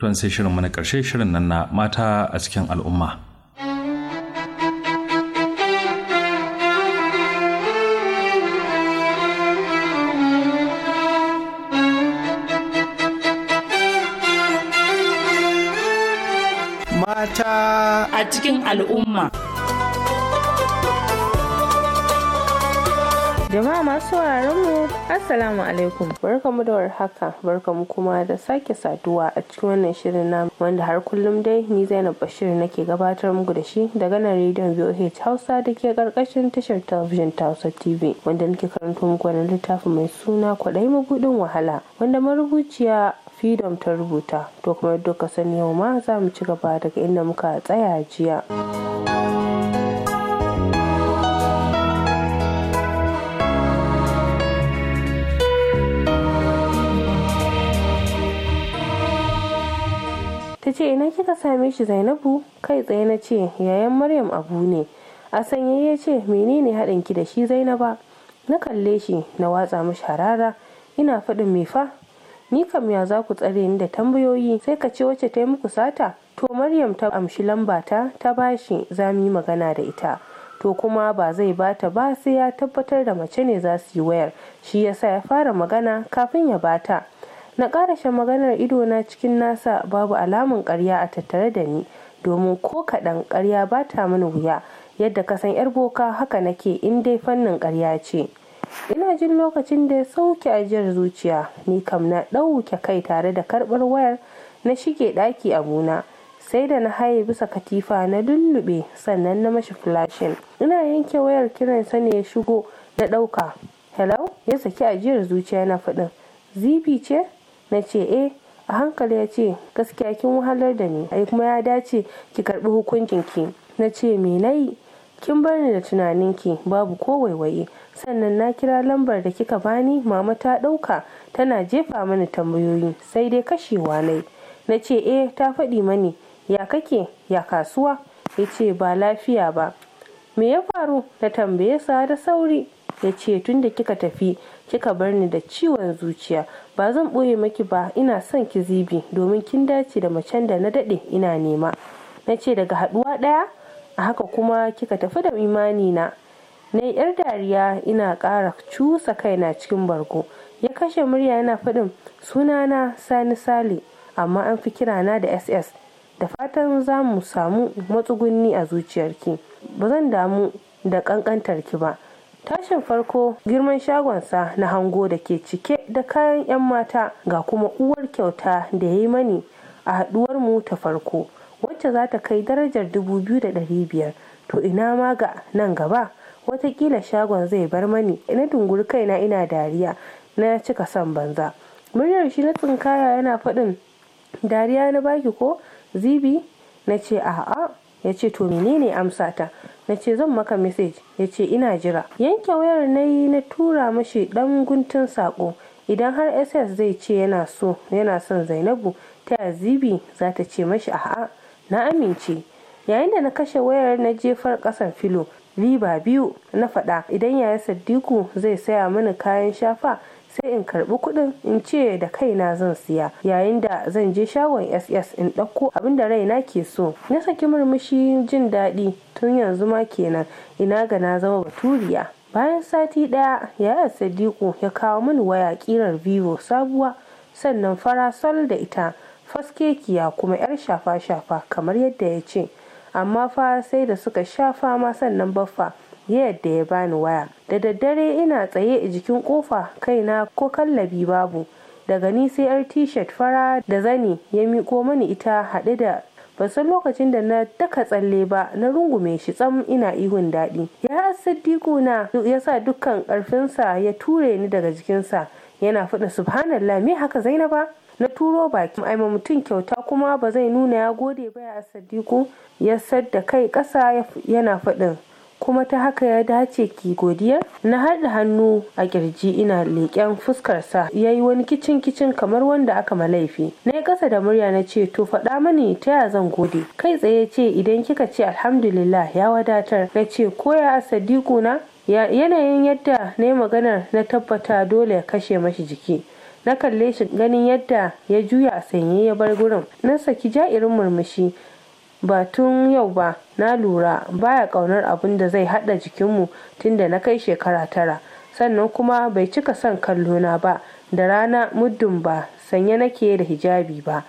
Tuwan sai shirin mana ƙarshe shirin nan na mata a cikin al'umma. a cikin al'umma. Jama'a masu mu Assalamu alaikum barkamu da warhaka barkamu kuma da sake saduwa a cikin wannan shirin na wanda har kullum dai ni Zainab Bashir nake gabatar muku da shi daga nan rediyon VOH Hausa da ke karkashin tashar talabijin ta Hausa TV wanda nake karanto muku wannan littafi mai suna kwaɗayi mabuɗin wahala wanda marubuciya freedom ta rubuta to kuma yadda ka sani yau ma za mu ci gaba daga inda muka tsaya jiya ta ce ina kika same shi zainabu kai tsaye na ce yayan maryam abu ne a sanye ya ce menene haɗin ki da shi zainaba na kalle shi na watsa mashi harara ina faɗin me fa ni kam ya za ku tsare ni da tambayoyi sai ka ce wacce ta yi muku sata to maryam ta amshi lambata ta bashi za mu yi magana da ita to kuma ba zai bata ba sai ya tabbatar da mace ne za su yi wayar shi yasa ya fara magana kafin ya bata na karashe maganar idona cikin nasa babu alamun karya a tattare da ni domin ko kaɗan karya bata mini wuya yadda ka san 'yar boka haka nake in dai fannin ƙarya ce ina jin lokacin da ya sauke ajiyar zuciya ni kam na ɗauke kai tare da karɓar wayar na shige ɗaki a buna sai da na haye bisa katifa na lullube sannan na mashi flashin ina yanke wayar kiran sa ne ya shigo na ɗauka hello ya saki ajiyar zuciya na faɗin zibi ce na ce eh a hankali ya ce gaskiya kin wahalar da ni ai kuma ya dace ki karɓi hukuncin ki na ce me nayi kin bar ni da tunaninki babu ko waiwaye sannan na kira lambar da kika bani mama ta ɗauka tana jefa mani tambayoyi sai dai kashewa nai na ce eh ta faɗi mani ya kake ya kasuwa ya ce ba lafiya ba me ya faru na tambaye sa da sauri ya ce tun da kika tafi kika bar ni da ciwon zuciya ba zan ɓoye maki ba ina son ki zibi domin kin dace da macen da na daɗe ina nema na ce daga haɗuwa ɗaya haka kuma kika tafi da imani na na yar dariya ina ƙara cusa kaina cikin bargo ya kashe murya yana faɗin sunana sani sale amma an fi kirana da ss da fatan za mu samu matsugunni a zuciyarki ba zan damu da ki ba tashin farko girman shagonsa na hango da ke cike da kayan 'yan mata ga kuma uwar kyauta da ya yi mani a haɗuwarmu mu ta farko wacce za ta kai darajar 2,500 to ina ma ga nan gaba watakila shagon zai bar mani ina dunguri kaina ina dariya na cika son banza muryar shi na tsinkaya yana faɗin dariya na baki ko zibi na ce a'a ya ce to menene amsata na ce zan maka message ya ce ina jira yanke wayar na yi na tura mashi dan guntun sako idan har ss zai ce yana so yana son zainabu ta zibi za ta ce mashi a'a na amince yayin da na kashe wayar na jefar kasan filo riba biyu na faɗa idan yaya sadiku zai saya mini kayan shafa sai in karbi kuɗin in ce da kaina zan siya yayin da zan je shagon ss in ɗauko abin da raina ke so na saki murmushi jin daɗi tun yanzu ma kenan ina ga na zama baturiya bayan sati ɗaya yaya sadiku ya kawo mini waya ƙirar vivo sabuwa sannan farasol da ita faskekiya kuma 'yar shafa-shafa kamar yadda ya ce amma fa sai da suka sha fama sannan baffa yadda ya bani waya da daddare ina tsaye a jikin kofa kaina ko kallabi babu daga ni sai yar t-shirt fara da zani ya miko mani ita haɗe da basan lokacin da na daka tsalle ba na rungume shi tsam ina ihun daɗi ya siddiku na ya sa dukkan ƙarfinsa ya ture ni daga jikinsa yana faɗa subhanallah me haka zainaba na turo bakin aima mutum kyauta kuma ba zai nuna ya gode ba ya sadiku ya sadda kai ƙasa yana faɗin kuma ta haka ya dace ki godiya na haɗa hannu a kirji ina leƙen fuskarsa ya yi wani kicin kicin kamar wanda aka malaifi na yi ƙasa da murya na ce to faɗa mani ta ya zan gode kai tsaye ce idan kika ce alhamdulillah ya wadatar na ce ko ya sadiku na yanayin yadda na yi maganar na tabbata dole ya kashe mashi jiki na kalle shi ganin yadda ya juya a sanye ya bar gurin na saki ja irin murmushi ba tun yau ba na lura baya kaunar abin da zai hada jikinmu tunda tunda na kai shekara tara sannan kuma bai cika son kallona ba da rana muddin ba sanye nake da hijabi ba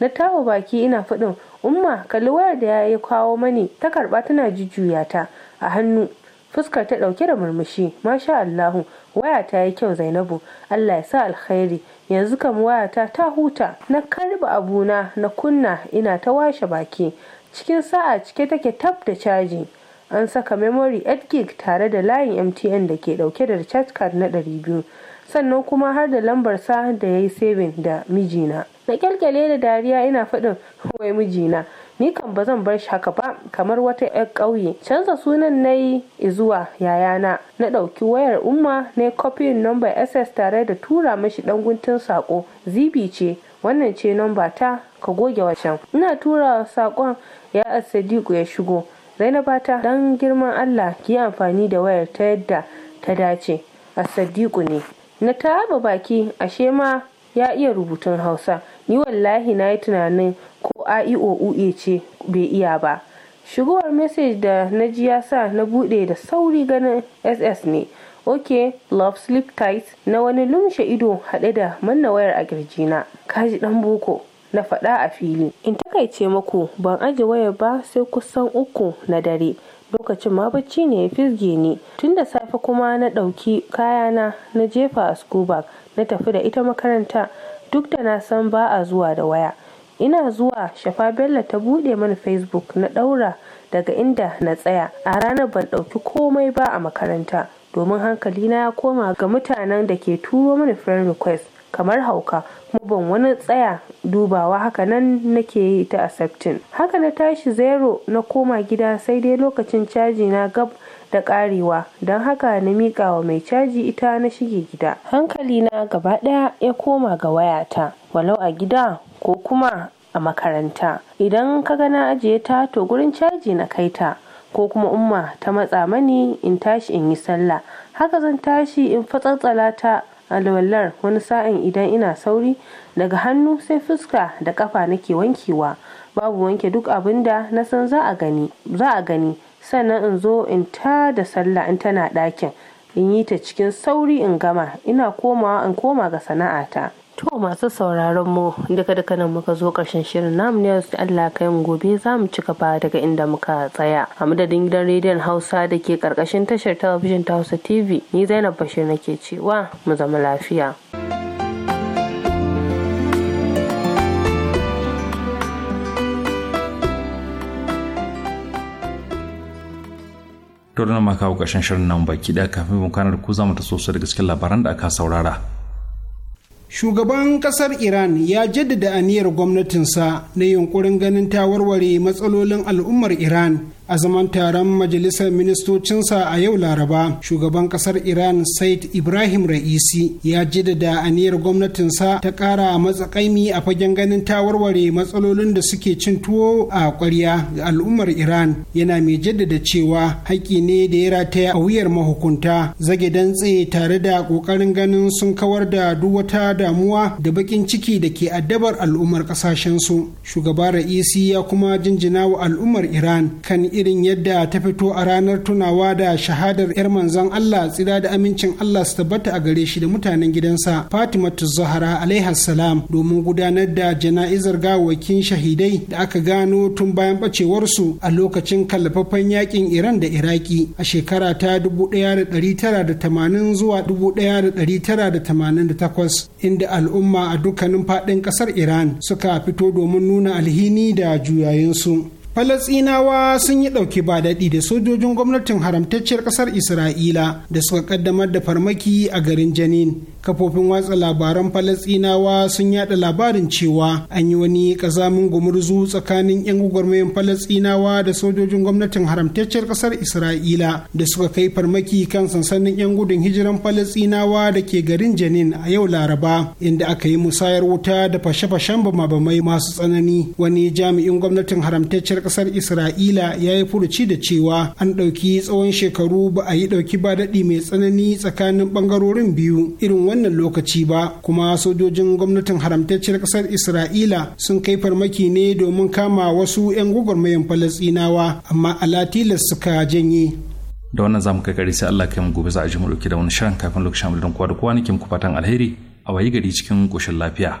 na tawo baki ina faɗin umma kalli wayar da ya yi kawo mani ta karɓa tana jujjuya ta a hannu fuskar ta ɗauke da murmushi masha allahu waya ta yi kyau zainabu allah ya sa alkhairi yanzu kam wayata ta huta na karba abuna na kunna ina ta washe baki cikin sa'a cike take tab da caji an saka memory 8 gig tare da layin mtn da ke dauke da recharge card na 200 sannan kuma har da lambar sa da ya yi saving da mijina na kyalkyale da dariya ina faɗin wai mijina ni kan ba zan bar shi haka ba kamar wata 'yar ƙauye canza sunan na yi zuwa yayana na ɗauki wayar umma na kofin nomba ss tare da tura mashi ɗan guntun saƙo zibi ce wannan ce nomba ta ka goge wacan ina tura saƙon ya sadiku ya shigo Zainabata, ta dan girman allah ki amfani da wayar ta yadda ta dace sadiku ne na taba baki ashe ma ya iya rubutun hausa ni wallahi na yi tunanin ko IOUA e e ce bai iya ba. Shigowar message da na ji ya sa na bude da sauri ganin SS ne. Ok, love sleep tight na wani lumshe ido haɗe da manna wayar a kirjina Kaji ɗan boko na fada a fili. In takaice maku ban aje wayar ba sai kusan uku na dare. lokacin ma bacci ne ya fizge ni tun da safe kuma na ɗauki kayana na jefa a scuba na tafi da ita makaranta duk da na san ba a zuwa da waya ina zuwa shafa bello ta bude mana facebook na daura daga inda na tsaya a ranar ban ɗauki komai ba a makaranta domin hankali na ya koma ga mutanen da ke turo mana friend request kamar hauka kuma ban wani tsaya dubawa haka nan nake yi ta accepting haka na tashi zero na koma gida sai dai lokacin caji na gab da karewa don haka na miƙa wa mai caji ita na shige gida hankali na gaba ɗaya ya koma ga wayata walau a gida ko kuma a makaranta idan ka gana ajiye ta to gurin caji na kai ta ko kuma umma ta matsa mani in tashi in yi sallah haka zan tashi in fatsatsala ta alwallar wani sa'in idan ina sauri daga hannu sai fuska da kafa nake wankewa babu wanke duk abin da na san za za a gani sannan in zo in ta da sallah in tana ɗakin in yi ta cikin sauri in gama ina komawa in koma ga sana'ata to masu sauraron mu duka daga nan muka zo ƙarshen shirin namu ne wasu Allah kai mu gobe za mu ci gaba daga inda muka tsaya a madadin gidan rediyon hausa da ke ƙarƙashin tashar talabijin ta hausa tv ni zainab bashir nake cewa mu zama lafiya. to da ma kawo ƙarshen shirin nan baki ɗaya kafin mu kanar ku za mu ta sosai da labaran da aka saurara. Shugaban ƙasar Iran ya jaddada aniyar gwamnatinsa na yunkurin ganin ta warware matsalolin al'ummar Iran a zaman taron majalisar ministocinsa a yau laraba shugaban kasar iran said ibrahim ra'isi ya jaddada aniyar gwamnatinsa ta kara matsakaimi a fagen ganin ta warware matsalolin da suke cin tuwo a kwarya ga al'ummar iran yana mai jaddada cewa haƙƙi ne da ya rataya a wuyar mahukunta zage dantse tare da ƙoƙarin ganin sun kawar da duk wata damuwa da baƙin ciki da ke addabar al'ummar ƙasashensu shugaba ra'isi ya kuma jinjina wa al'ummar iran kan irin yadda ta fito a ranar tunawa da shahadar 'yar manzon Allah tsira da amincin Allah su tabbata a gare shi da mutanen gidansa fatima Zahra alaihi salam domin gudanar da jana'izar gawakin shahidai da aka gano tun bayan bacewarsu a lokacin kallafafan yakin Iran da Iraki a shekara ta 1980 zuwa 1988 inda al'umma a dukkanin faɗin ƙasar Iran suka fito domin nuna alhini da juyayensu. Falasinawa sun yi ɗauki ba daɗi da sojojin gwamnatin haramtacciyar ƙasar Isra'ila da suka ƙaddamar da farmaki a garin Janin kafofin watsa labaran falasinawa sun yada labarin cewa an yi wani kazamin gumurzu tsakanin 'yan gwagwarmayin falasinawa da sojojin gwamnatin haramtacciyar kasar isra'ila da suka kai farmaki kan sansanin 'yan gudun hijiran falasinawa da ke garin janin a yau laraba inda aka yi musayar wuta da fashe-fashen bamabamai masu tsanani wani jami'in gwamnatin haramtacciyar kasar isra'ila ya yi furuci da cewa an ɗauki tsawon shekaru ba a yi ɗauki ba daɗi mai tsanani tsakanin ɓangarorin biyu irin wannan lokaci ba kuma sojojin gwamnatin haramtacciyar ƙasar isra'ila sun kai farmaki ne domin kama wasu 'yan gwagwarmayan falasɗinawa amma la tilas suka janye da wannan zamu kai gari sai Allah kai mu gobe za a ji mu da wani shirin kafin lokacin mu da kowa da kowa nake muku fatan alheri a wayi gari cikin koshin lafiya